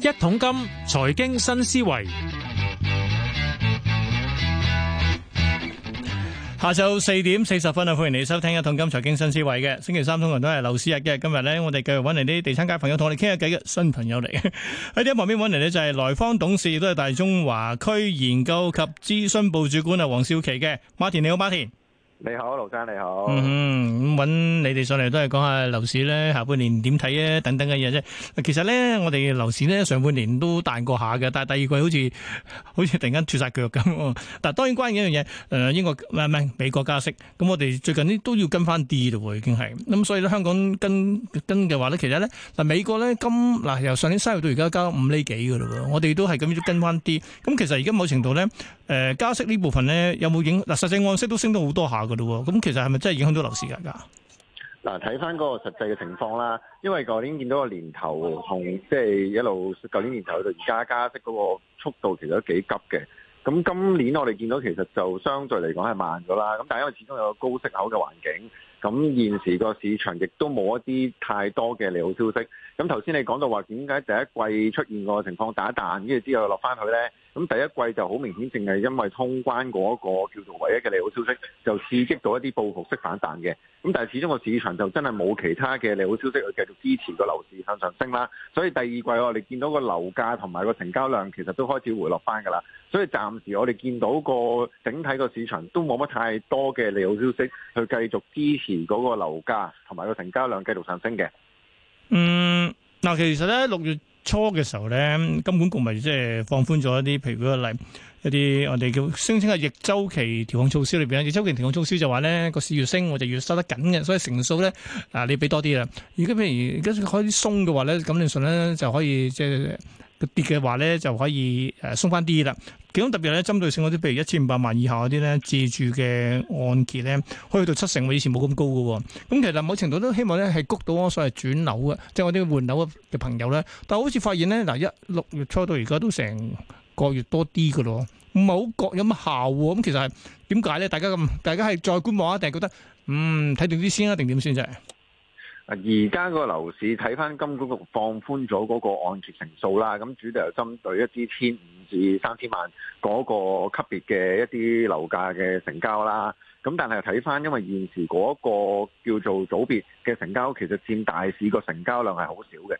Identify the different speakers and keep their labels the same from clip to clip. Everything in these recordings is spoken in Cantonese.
Speaker 1: 一桶金財經新思維，下晝四點四十分啊，歡迎你收聽一桶金財經新思維嘅，星期三通常都係樓市日嘅。今日咧，我哋繼續揾嚟啲地產界朋友同我哋傾下偈嘅，新朋友嚟，喺呢一旁邊揾嚟呢就係萊坊董事，亦都係大中華區研究及諮詢部主管啊，王兆麒嘅馬田，你好，馬田。你好，盧生，你好。嗯嗯，咁搵你哋上嚟都係講下樓市咧，下半年點睇啊？等等嘅嘢啫。其實咧，我哋樓市咧，上半年都彈過下嘅，但係第二季好似好似突然間脫晒腳咁。但係當然關於一樣嘢，誒，英國唔係唔係美國加息，咁我哋最近呢都要跟翻啲咯喎，已經係。咁所以咧，香港跟跟嘅話咧，其實咧，嗱美國咧今嗱由上年三月到而家加五厘幾嘅咯喎，我哋都係咁樣跟翻啲。咁其實而家某程度咧。誒、呃，加息呢部分咧有冇影響？嗱，實際按息都升到好多下噶喎。咁其實係咪真係影響到樓市噶？
Speaker 2: 嗱，睇翻嗰個實際嘅情況啦，因為舊年見到個年頭同即係一路舊年年頭去到而家加息嗰個速度其實都幾急嘅，咁今年我哋見到其實就相對嚟講係慢咗啦，咁但係因為始終有個高息口嘅環境，咁現時個市場亦都冇一啲太多嘅利好消息，咁頭先你講到話點解第一季出現個情況打一彈，跟住之後落翻去咧？咁第一季就好明顯，淨係因為通關嗰個叫做唯一嘅利好消息，就刺激到一啲報復式反彈嘅。咁但係始終個市場就真係冇其他嘅利好消息去繼續支持個樓市向上升啦。所以第二季我哋見到個樓價同埋個成交量其實都開始回落翻㗎啦。所以暫時我哋見到個整體個市場都冇乜太多嘅利好消息去繼續支持嗰個樓價同埋個成交量繼續上升嘅。
Speaker 1: 嗯，嗱其實呢六月初嘅時候咧，金管局咪即係放寬咗一啲，譬如嗰個例一啲我哋叫聲稱係逆周期調控措施裏面咧，逆周期調控措施就話咧，個市越升我就越收得緊嘅，所以成數咧，嗱你俾多啲啦。如果譬如而家可以鬆嘅話咧，咁樣順咧就可以即係。就是跌嘅話咧，就可以誒鬆翻啲啦。其中特別咧，針對性嗰啲，譬如一千五百萬以下嗰啲咧，自住嘅按揭咧，可以到七成，以前冇咁高喎。咁其實某程度都希望咧，係谷到啊，所謂轉樓嘅，即係我啲換樓嘅朋友咧。但係好似發現咧，嗱一六月初到而家都成個月多啲㗎咯，唔係好覺有乜效喎。咁其實係點解咧？大家咁，大家係再觀望啊，定係覺得嗯睇定啲先啊，定點先啫？
Speaker 2: 而家個樓市睇翻金管局放寬咗嗰個按揭成數啦，咁主要又針對一啲千五至三千萬嗰個級別嘅一啲樓價嘅成交啦。咁但係睇翻，因為現時嗰個叫做組別嘅成交，其實佔大市個成交量係好少嘅，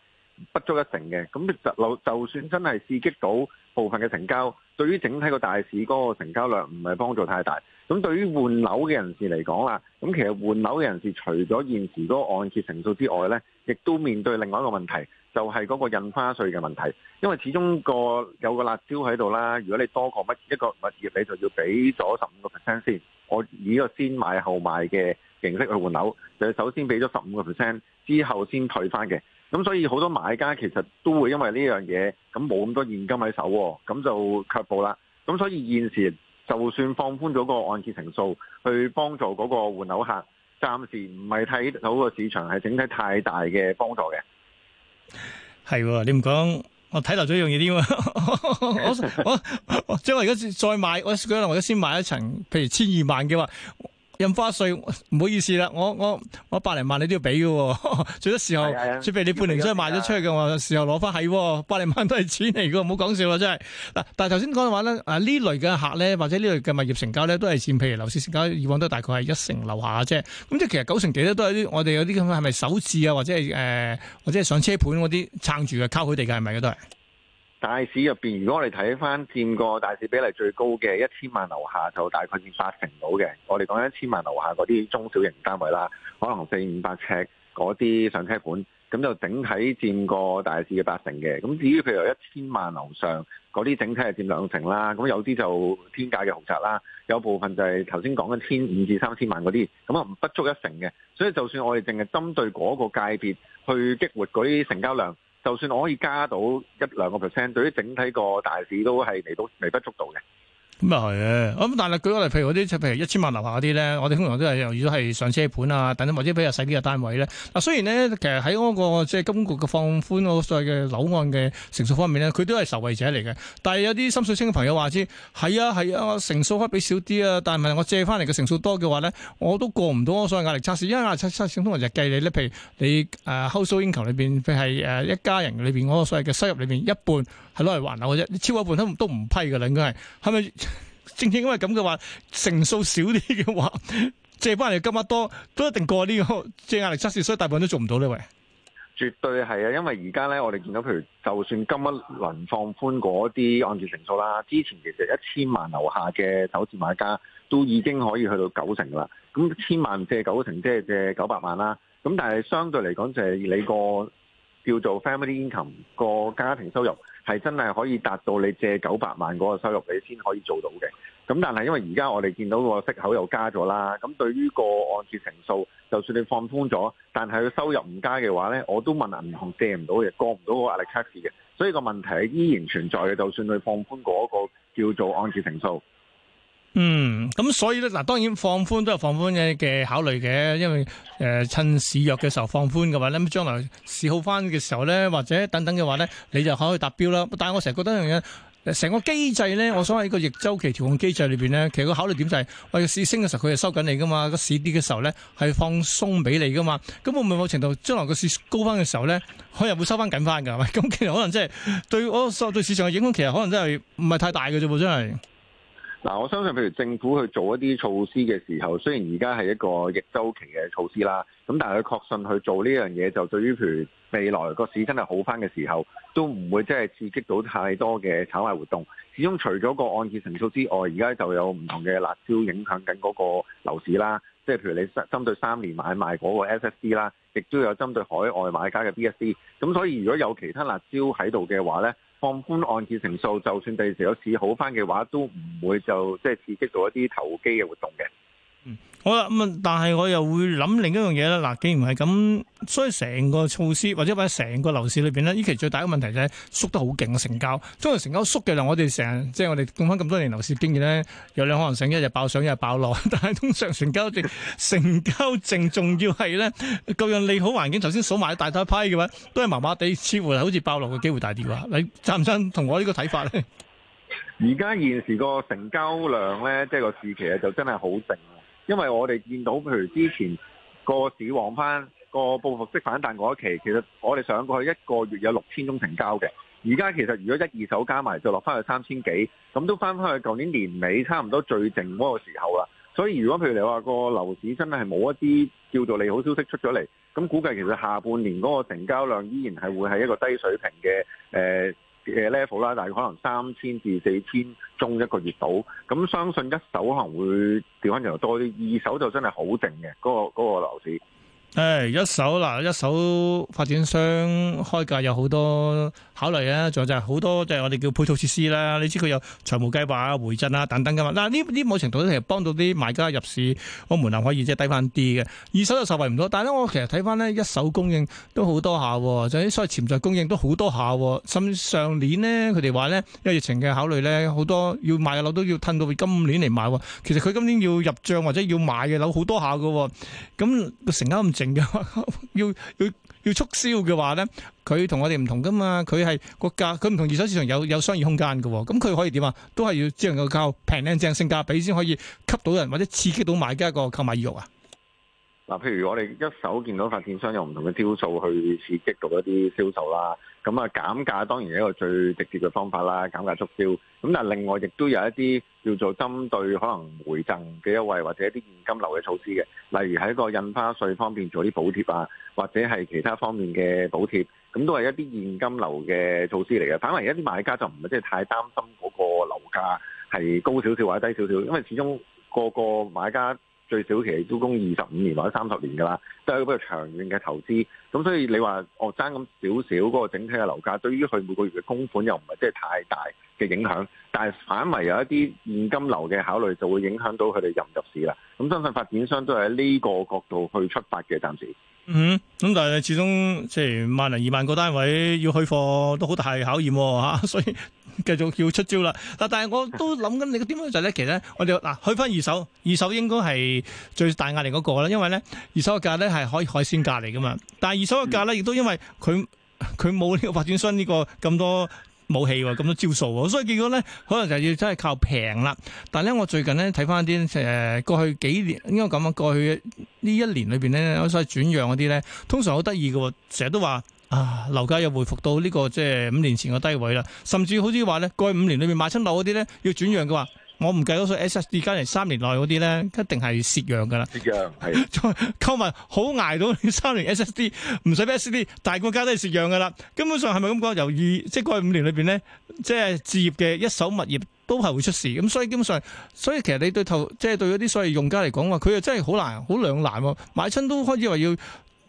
Speaker 2: 不足一成嘅。咁就就算真係刺激到部分嘅成交，對於整體個大市嗰個成交量唔係幫助太大。咁對於換樓嘅人士嚟講啦，咁其實換樓嘅人士除咗現時嗰個按揭成數之外呢，亦都面對另外一個問題，就係、是、嗰個印花稅嘅問題。因為始終個有個辣招喺度啦，如果你多個乜一個物業，你就要俾咗十五個 percent 先。我以一個先買後賣嘅形式去換樓，就要首先俾咗十五個 percent，之後先退翻嘅。咁所以好多買家其實都會因為呢樣嘢，咁冇咁多現金喺手、哦，咁就卻步啦。咁所以現時。就算放寬咗個按揭成數，去幫助嗰個換樓客，暫時唔係睇到個市場係整體太大嘅幫助嘅。
Speaker 1: 係，你唔講我睇樓最容易啲喎。我 我即係我而家再買，我可能我而家先買一層，譬如千二萬嘅話。印花稅唔好意思啦，我我我百零萬你都要俾嘅，除咗時候，除非的你半年之後賣咗出去嘅的話，時候攞翻喎。百零萬都係錢嚟嘅，唔好講笑啦，真係。嗱，但係頭先講嘅話咧，啊呢類嘅客咧，或者呢類嘅物業成交咧，都係佔譬如樓市成交以往都大概係一成樓下啫。咁即係其實九成幾都係啲我哋有啲咁係咪首置啊，或者係誒、呃、或者係上車盤嗰啲撐住嘅，靠佢哋嘅係咪都係。是
Speaker 2: 大市入面，如果我哋睇翻佔過大市比例最高嘅一千萬樓下，就大概佔八成到嘅。我哋講一千萬樓下嗰啲中小型單位啦，可能四五百尺嗰啲上車盤，咁就整體佔過大市嘅八成嘅。咁至於譬如一千萬樓上嗰啲，整體係佔兩成啦。咁有啲就天價嘅豪宅啦，有部分就係頭先講緊千五至三千萬嗰啲，咁啊不足一成嘅。所以就算我哋淨係針對嗰個界別去激活嗰啲成交量。就算我可以加到一兩個 percent，對於整體個大市都係嚟到微不足道嘅。
Speaker 1: 咁啊，係嘅，咁但係舉個例，譬如嗰啲，譬如一千萬樓下嗰啲咧，我哋通常都係，如果係上車盤啊，等等或者比較細啲嘅單位咧，嗱雖然咧其實喺嗰、那個即係、就是、金局嘅放寬我、那個、所謂嘅樓按嘅成數方面咧，佢都係受惠者嚟嘅。但係有啲心水清嘅朋友話知，係啊係啊，啊，成數相比少啲啊，但係我借翻嚟嘅成數多嘅話咧，我都過唔到我所謂壓力測試，因為壓力測試通常就計你咧，譬如你誒後手應求裏邊，譬係誒、啊、一家人裏邊嗰、那個所謂嘅收入裏邊一半係攞嚟還樓啫，超一半都都唔批噶啦應該係，係咪？是正正因為咁嘅話，成數少啲嘅話，借翻嚟金額多都一定過呢個借壓力測試，所以大部分都做唔到呢位
Speaker 2: 絕對係啊，因為而家咧，我哋見到譬如，就算今晚輪放寬嗰啲按揭成數啦，之前其實一千萬樓下嘅首次買家都已經可以去到九成啦。咁千萬借九成，即係借九百萬啦。咁但係相對嚟講，就係你個叫做 family income，個家庭收入係真係可以達到你借九百萬嗰個收入，你先可以做到嘅。咁但係因為而家我哋見到個息口又加咗啦，咁對於個按揭成數，就算你放寬咗，但係佢收入唔加嘅話呢，我都問銀行借唔到嘅，過唔到個壓力測試嘅，所以個問題係依然存在嘅。就算佢放寬嗰個叫做按揭成數。
Speaker 1: 嗯，咁所以咧，嗱，當然放寬都有放寬嘅嘅考慮嘅，因為誒、呃、趁市弱嘅時候放寬嘅話咧，咁將來市好翻嘅時候咧，或者等等嘅話咧，你就可以達標啦。但係我成日覺得一樣嘢，成個機制咧，我想喺個逆周期調控機制裏邊咧，其實個考慮點就係、是，喂、哎、哋市升嘅時候佢係收緊你噶嘛，個市跌嘅時候咧係放鬆俾你噶嘛。咁會唔會某程度將來個市高翻嘅時候咧，我又會收翻緊翻噶，係咁其實可能即係對我受對市場嘅影響，其實可能真係唔係太大嘅啫，真係。
Speaker 2: 嗱，我相信譬如政府去做一啲措施嘅時候，雖然而家係一個逆周期嘅措施啦，咁但係佢確信去做呢樣嘢，就對於譬如未來個市真係好返嘅時候，都唔會即係刺激到太多嘅炒賣活動。始終除咗個按揭成數之外，而家就有唔同嘅辣椒影響緊嗰個樓市啦。即係譬如你針針對三年買賣嗰個 SSD 啦，亦都有針對海外買家嘅 BSD。咁所以如果有其他辣椒喺度嘅話呢。放寬按揭成數，就算第二時有市好翻嘅話，都唔會就即係刺激到一啲投機嘅活動嘅。
Speaker 1: 好啦，咁啊，但係我又會諗另一樣嘢啦。嗱，既然係咁，所以成個措施或者擺成個樓市裏面咧，呢期最大嘅問題就係縮得好勁嘅成交。為成交通常成交縮嘅，我哋成日即係我哋用翻咁多年樓市經驗咧，有兩可能成一係爆上，一係爆落。但係通常成交，成交淨仲要係咧，各樣利好環境，頭先數埋大批批嘅話，都係麻麻地，似乎係好似爆落嘅機會大啲啩。你贊唔贊同我個呢個睇法咧？
Speaker 2: 而家現，現時個成交量咧，即係個市期就真係好靜。因為我哋見到，譬如之前個市旺翻個報復式反彈嗰一期，其實我哋上過去一個月有六千宗成交嘅。而家其實如果一二手加埋，就落翻去三千幾，咁都翻翻去舊年年尾差唔多最靜嗰個時候啦。所以如果譬如你話個樓市真係冇一啲叫做利好消息出咗嚟，咁估計其實下半年嗰個成交量依然係會係一個低水平嘅誒嘅 level 啦，大概可能三千至四千宗一個月到，咁相信一手可能會跌翻就多啲，二手就真係好靜嘅，嗰個嗰個樓市。
Speaker 1: 誒、哎，一手嗱，一手發展商開價有好多考慮嘅，仲有就係好多即係、就是、我哋叫配套設施啦。你知佢有財務計劃、回贈啊等等噶嘛？嗱，呢呢某程度其實幫到啲買家入市我門檻可以即係低翻啲嘅。二手就受惠唔多，但係我其實睇翻呢一手供應都好多下，仲有啲所謂潛在供應都好多下。甚至上年呢，佢哋話呢，因為疫情嘅考慮呢，好多要買嘅樓都要褪到今年嚟買。其實佢今年要入帳或者要買嘅樓好多下嘅，咁成交咁 要要要促銷嘅話咧，佢同我哋唔同噶嘛，佢係國家，佢唔同二手市場有有商業空間嘅，咁、嗯、佢可以點啊？都係要只能夠靠平靚正，正性價比先可以吸到人，或者刺激到買家個購買意欲啊！
Speaker 2: 嗱，譬如我哋一手見到發展商有唔同嘅招數去刺激到一啲銷售啦，咁啊減價當然係一個最直接嘅方法啦，減價促銷。咁但係另外亦都有一啲叫做針對可能回贈嘅優惠或者一啲現金流嘅措施嘅，例如喺個印花稅方面做啲補貼啊，或者係其他方面嘅補貼，咁都係一啲現金流嘅措施嚟嘅。反為一啲買家就唔係即係太擔心嗰個樓價係高少少或者低少少，因為始終個個買家。最少其實都供二十五年或者三十年㗎啦，都係一個長遠嘅投資。咁所以你話我爭咁少少嗰個整體嘅樓價，對於佢每個月嘅供款又唔係即係太大嘅影響，但係反為有一啲現金流嘅考慮就會影響到佢哋入唔入市啦。咁相信發展商都係喺呢個角度去出發嘅，暫時嗯，
Speaker 1: 咁但係始終，即係萬零二萬個單位要去貨都好大考驗喎嚇，所以。繼續要出招啦！嗱，但係我都諗緊你嘅點樣就係咧，其實呢我哋嗱去翻二手，二手應該係最大壓力嗰個啦，因為咧二手價咧係可以海鮮價嚟噶嘛。但係二手價咧，亦都因為佢佢冇呢個發展商呢個咁多武器，咁多招數，所以結果咧，可能就真要真係靠平啦。但係咧，我最近咧睇翻啲誒過去幾年，應該咁樣，過去呢一年裏邊咧，有所轉讓嗰啲咧，通常好得意喎，成日都話。啊，樓價又回復到呢、呢個即係五年前嘅低位啦，甚至好似話咧，過去五年裏面買親樓嗰啲咧，要轉讓嘅話，我唔計多個 S S D 加嚟三年內嗰啲咧，一定係蝕讓㗎啦。蝕讓係，購物 好捱到三年 S S D，唔使 S S D，大國家都係蝕讓㗎啦。根本上係咪咁講？由二即係過去五年裏面咧，即係置業嘅一手物業都係會出事。咁所以基本上，所以其實你對頭即係對啲所謂用家嚟講話，佢又真係好難，好兩難喎、哦。買親都開始話要。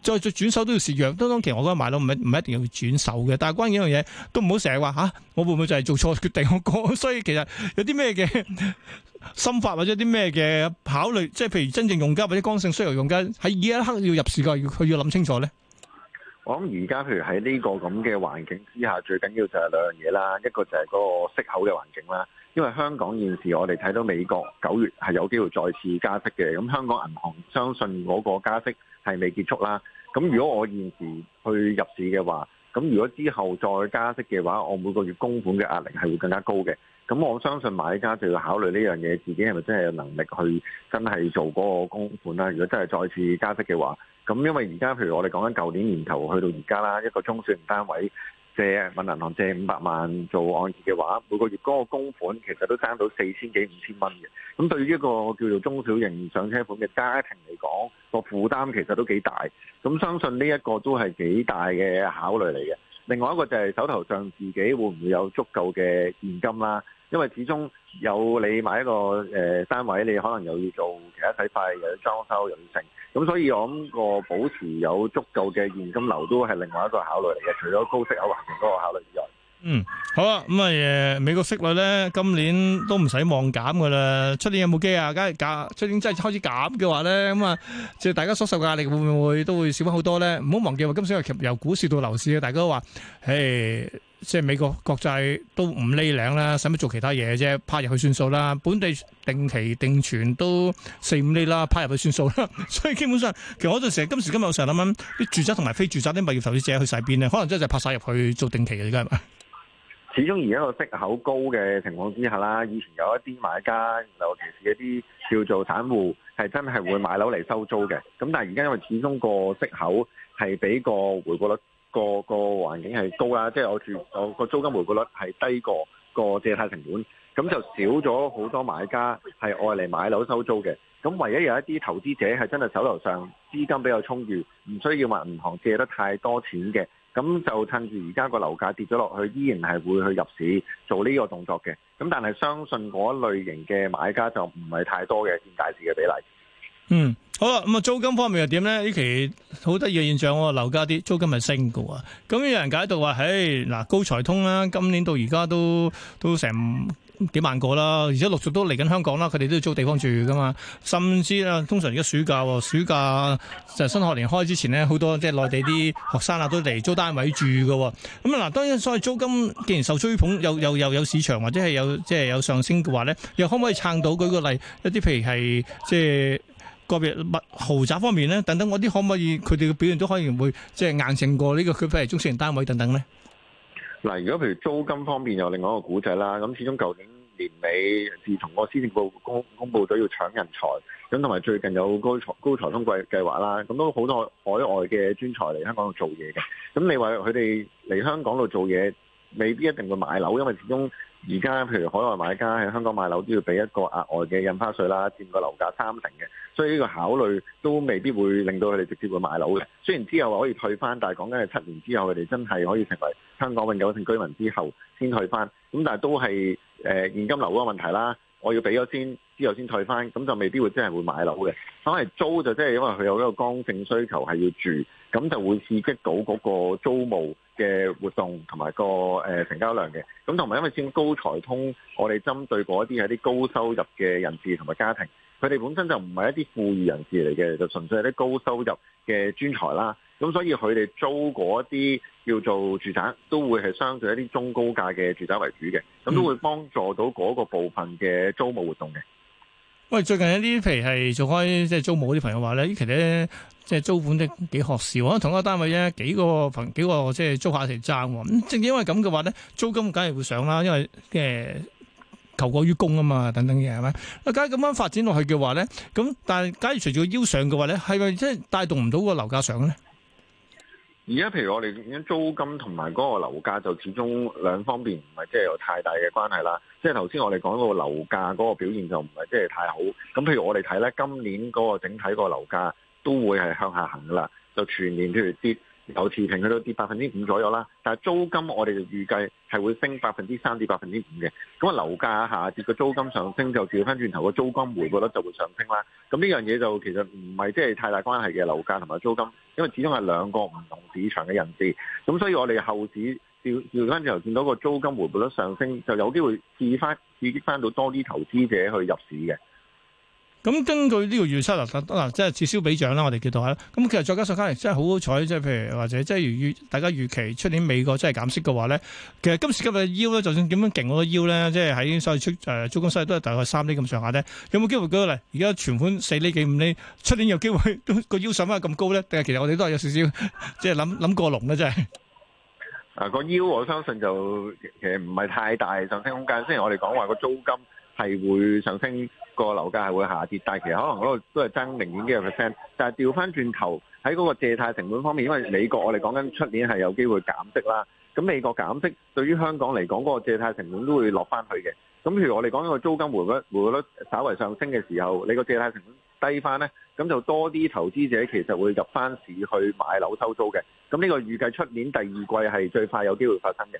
Speaker 1: 再再轉手都要蝕讓，當當其實我覺得買樓唔係唔一定要轉手嘅，但係關於一樣嘢都唔好成日話嚇，我會唔會就係做錯決定？我講，所以其實有啲咩嘅心法或者啲咩嘅考慮，即係譬如真正用家或者剛性需求用家喺呢一刻要入市嘅，佢要諗清楚咧。
Speaker 2: 我諗而家譬如喺呢個咁嘅環境之下，最緊要就係兩樣嘢啦，一個就係嗰個息口嘅環境啦。因為香港現時我哋睇到美國九月係有機會再次加息嘅，咁香港銀行相信嗰個加息係未結束啦。咁如果我現時去入市嘅話，咁如果之後再加息嘅話，我每個月供款嘅壓力係會更加高嘅。咁我相信買家就要考慮呢樣嘢，自己係咪真係有能力去真係做嗰個供款啦？如果真係再次加息嘅話，咁因為而家譬如我哋講緊舊年年頭去到而家啦，一個中小型單位。借問銀行借五百萬做按揭嘅話，每個月嗰個供款其實都升到四千幾五千蚊嘅，咁對於一個叫做中小型上車款嘅家庭嚟講，個負擔其實都幾大，咁相信呢一個都係幾大嘅考慮嚟嘅。另外一個就係手頭上自己會唔會有足夠嘅現金啦。因為始終有你買一個誒單、呃、位，你可能又要做其他睇法，又要裝修，又要整，咁所以我諗個保持有足夠嘅現金流都係另外一個考慮嚟嘅，除咗高息口環境嗰個考慮以外。嗯，
Speaker 1: 好啦、啊，咁啊誒，美國息率咧今年都唔使望減噶啦，出年有冇機啊？梗係㗎，出年真係開始減嘅話咧，咁啊，即係大家所受嘅壓力會唔會都會少翻好多咧？唔好忘記，今時今日由由股市到樓市啊，大家都話，誒。即係美國國債都五厘兩啦，使乜做其他嘢啫？派入去算數啦。本地定期定存都四五厘啦，派入去算數啦。所以基本上，其實我仲成日今時今日我成日諗緊啲住宅同埋非住宅啲物業投資者去晒邊咧？可能真係拍晒入去做定期嘅，而家係咪？
Speaker 2: 始終而家個息口高嘅情況之下啦，以前有一啲買家，尤其是嗰啲叫做散戶，係真係會買樓嚟收租嘅。咁但係而家因為始終個息口係比個回報率，個個環境係高啦，即係我住我個租金回報率係低過個借貸成本，咁就少咗好多買家係愛嚟買樓收租嘅。咁唯一有一啲投資者係真係手頭上資金比較充裕，唔需要問銀行借得太多錢嘅，咁就趁住而家個樓價跌咗落去，依然係會去入市做呢個動作嘅。咁但係相信嗰類型嘅買家就唔係太多嘅，佔大致嘅比例。嗯。
Speaker 1: 好啦，咁啊，租金方面又點咧？呢期好得意嘅現象，哦，樓價啲租金係升嘅。咁有人解到話，唉，嗱，高才通啦，啊，今年到而家都都成幾萬個啦，而家陸續都嚟緊香港啦，佢哋都要租地方住噶嘛。甚至啊，通常而家暑假，暑假就係新學年開之前咧，好多即係內地啲學生啊，都嚟租單位住喎。咁啊，嗱，當然，所謂租金既然受追捧，又又又有市場，或者係有即係、就係、有上升嘅話咧，又可唔可以撐到？舉個例，一啲譬如係即係。個別物豪宅方面咧，等等，我啲可唔可以佢哋嘅表現都可以唔會即係硬性過呢個區非係中小型單位等等咧？
Speaker 2: 嗱，如果譬如租金方面又另外一個估計啦，咁始終舊年年尾自從個施政報告公佈咗要搶人才，咁同埋最近有高才高才通貴計劃啦，咁都好多海外嘅專才嚟香港度做嘢嘅，咁你話佢哋嚟香港度做嘢，未必一定會買樓，因為始終。而家譬如海外買家喺香港買樓都要俾一個額外嘅印花稅啦，佔個樓價三成嘅，所以呢個考慮都未必會令到佢哋直接會買樓嘅。雖然之後話可以退返，但係講緊係七年之後佢哋真係可以成為香港永久性居民之後先退返。咁但係都係現金流嗰個問題啦。我要俾咗先，之後先退翻，咁就未必會真係會買樓嘅。反為租就即係因為佢有一個剛性需求係要住，咁就會刺激到嗰個租務嘅活動同埋、個、呃、成交量嘅。咁同埋因為先高才通，我哋針對嗰一啲係啲高收入嘅人士同埋家庭，佢哋本身就唔係一啲富裕人士嚟嘅，就純粹係啲高收入嘅專才啦。咁所以佢哋租嗰一啲。叫做住宅都會係相對一啲中高價嘅住宅為主嘅，咁都會幫助到嗰個部分嘅租務活動嘅。嗯。
Speaker 1: 喂，最近一啲譬如係做開即係租務嗰啲朋友話咧，依期咧即係租款都幾學少啊，同一個單位咧幾個朋幾個即係租客嚟爭，咁正因為咁嘅話咧，租金梗係會上啦，因為嘅、呃、求過於供啊嘛，等等嘢係咪？啊，假如咁樣發展落去嘅話咧，咁但係假如隨住腰上嘅話咧，係咪即係帶動唔到個樓價上咧？
Speaker 2: 而家譬如我哋點樣租金同埋嗰個樓價就始終兩方面唔係即係有太大嘅關係啦。即係頭先我哋講到樓價嗰個表現就唔係即係太好。咁譬如我哋睇咧，今年嗰個整體個樓價都會係向下行噶啦，就全年譬如跌。由持平去到跌百分之五左右啦，但係租金我哋就預計係會升百分之三至百分之五嘅。咁啊樓價下跌，個租金上升就調翻轉頭，個租金回報率就會上升啦。咁呢樣嘢就其實唔係即係太大關係嘅樓價同埋租金，因為始終係兩個唔同市場嘅人士。咁所以我哋後市調調翻轉頭，見到個租金回報率上升，就有機會刺翻刺激翻到多啲投資者去入市嘅。
Speaker 1: 咁根據呢個預測啦，嗱即係此消彼長啦，我哋叫做係。咁其實再加上今年真係好好彩，即係譬如或者即係如大家預期出年美國真係減息嘅話咧，其實今時今日腰咧，就算點樣勁，個腰咧即係喺收入出誒租金收入都係大概三釐咁上下咧，有冇機會舉到嚟？而家存款四釐幾五釐，出年有機會個腰上翻咁高咧？定係其實我哋都係有少少即係諗諗過龍咧，真係。
Speaker 2: 嗱個腰我相信就其實唔係太大上升空間。雖然我哋講話個租金。係會上升，個樓價係會下跌，但係其實可能嗰個都係增零點幾個 percent。但係調翻轉頭喺嗰個借貸成本方面，因為美國我哋講緊出年係有機會減息啦。咁美國減息對於香港嚟講，嗰個借貸成本都會落翻去嘅。咁譬如我哋講緊個租金回穩回率稍微上升嘅時候，你個借貸成本低翻呢，咁就多啲投資者其實會入翻市去買樓收租嘅。咁呢個預計出年第二季係最快有機會發生嘅。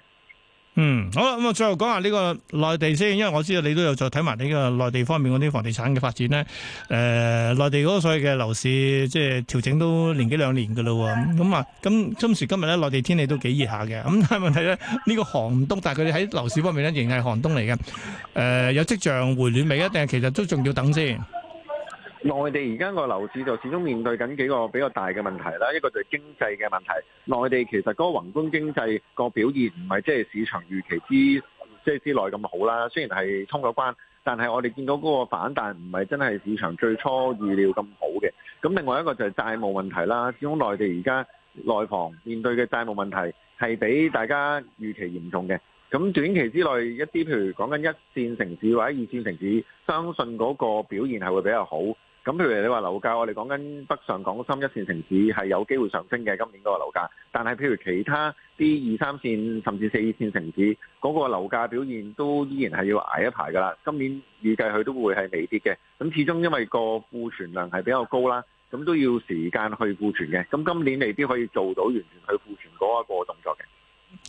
Speaker 1: 嗯，好啦，咁啊，最後講下呢個內地先，因為我知道你都有在睇埋呢個內地方面嗰啲房地產嘅發展咧。誒、呃，內地嗰個所謂嘅樓市即係調整都年幾兩年噶啦，咁、嗯、啊，咁今時今日咧，內地天氣都幾熱下嘅，咁、嗯、但係問題咧，呢、這個寒冬，但係佢哋喺樓市方面咧，仍係寒冬嚟嘅。誒、呃，有跡象回暖未啊？定係其實都仲要等先？
Speaker 2: 內地而家個樓市就始終面對緊幾個比較大嘅問題啦，一個就係經濟嘅問題。內地其實嗰個宏觀經濟個表現唔係即係市場預期之即係之內咁好啦。雖然係通咗關，但係我哋見到嗰個反彈唔係真係市場最初預料咁好嘅。咁另外一個就係債務問題啦。始終內地而家內房面對嘅債務問題係比大家預期嚴重嘅。咁短期之內一啲譬如講緊一線城市或者二線城市，相信嗰個表現係會比較好。咁譬如你話樓價，我哋講緊北上廣深一線城市係有機會上升嘅，今年嗰個樓價。但係譬如其他啲二三線甚至四線城市，嗰個樓價表現都依然係要捱一排㗎啦。今年預計佢都會係微跌嘅。咁始終因為個庫存量係比較高啦，咁都要時間去庫存嘅。咁今年未必可以做到完全去庫存嗰一個動作嘅。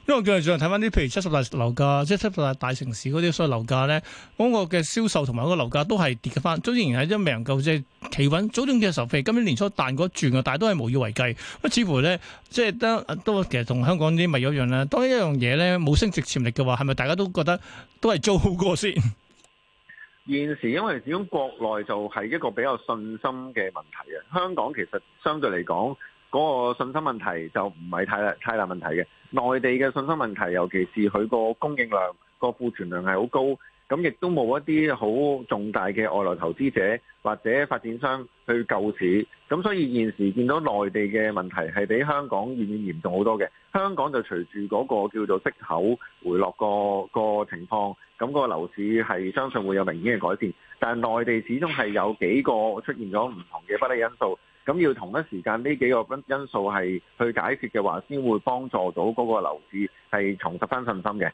Speaker 1: 因為我係仲係睇翻啲，譬如七十大樓價，七十大大城市嗰啲，所有樓價咧，嗰個嘅銷售同埋個樓價都係跌翻。早年係未能夠即係企穩，早年嘅時候，譬如今年年初彈嗰轉啊，但都係無以為繼。似乎咧，即係都都其實同香港啲咪一樣啦。當一樣嘢咧冇升值潛力嘅話，係咪大家都覺得都係租好過先？
Speaker 2: 現時因為始終國內就係一個比較信心嘅問題，香港其實相對嚟講。嗰個信心問題就唔係太大太大問題嘅。內地嘅信心問題，尤其是佢個供應量個庫存量係好高，咁亦都冇一啲好重大嘅外來投資者或者發展商去救市，咁所以現時見到內地嘅問題係比香港遠遠嚴重好多嘅。香港就隨住嗰個叫做息口回落個個情況，咁個樓市係相信會有明顯嘅改善，但係內地始終係有幾個出現咗唔同嘅不利因素。咁要同一時間呢幾個因素係去解決嘅話，先會幫助到嗰個樓市係重拾翻信心嘅。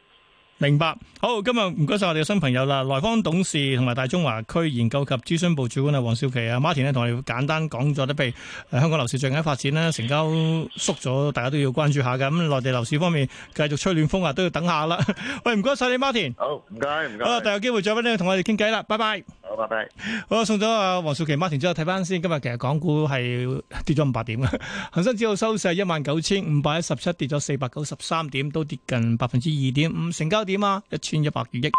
Speaker 2: 明白。好，今日唔該晒
Speaker 1: 我哋嘅新朋友啦，萊坊董事同埋大中華區研究及諮詢部主管啊，王兆麒啊，馬田呢同我哋簡單講咗啲，譬如香港樓市最近嘅發展呢，成交縮咗，大家都要關注下㗎。咁內地樓市方面繼續吹暖風啊，都要等下啦。 喂，唔該晒你，馬田。
Speaker 2: 好，唔該，唔該。好，大
Speaker 1: 有機會再返嚟同我哋傾偈啦，拜拜。好，拜拜。好，送咗阿王兆麒孖團之後，睇翻先。今日其實港股係跌咗五百點，恒生指數收市一萬九千五百一十七，跌咗四百九十三點，都跌近百分之二點五。成交點啊，一千一百億。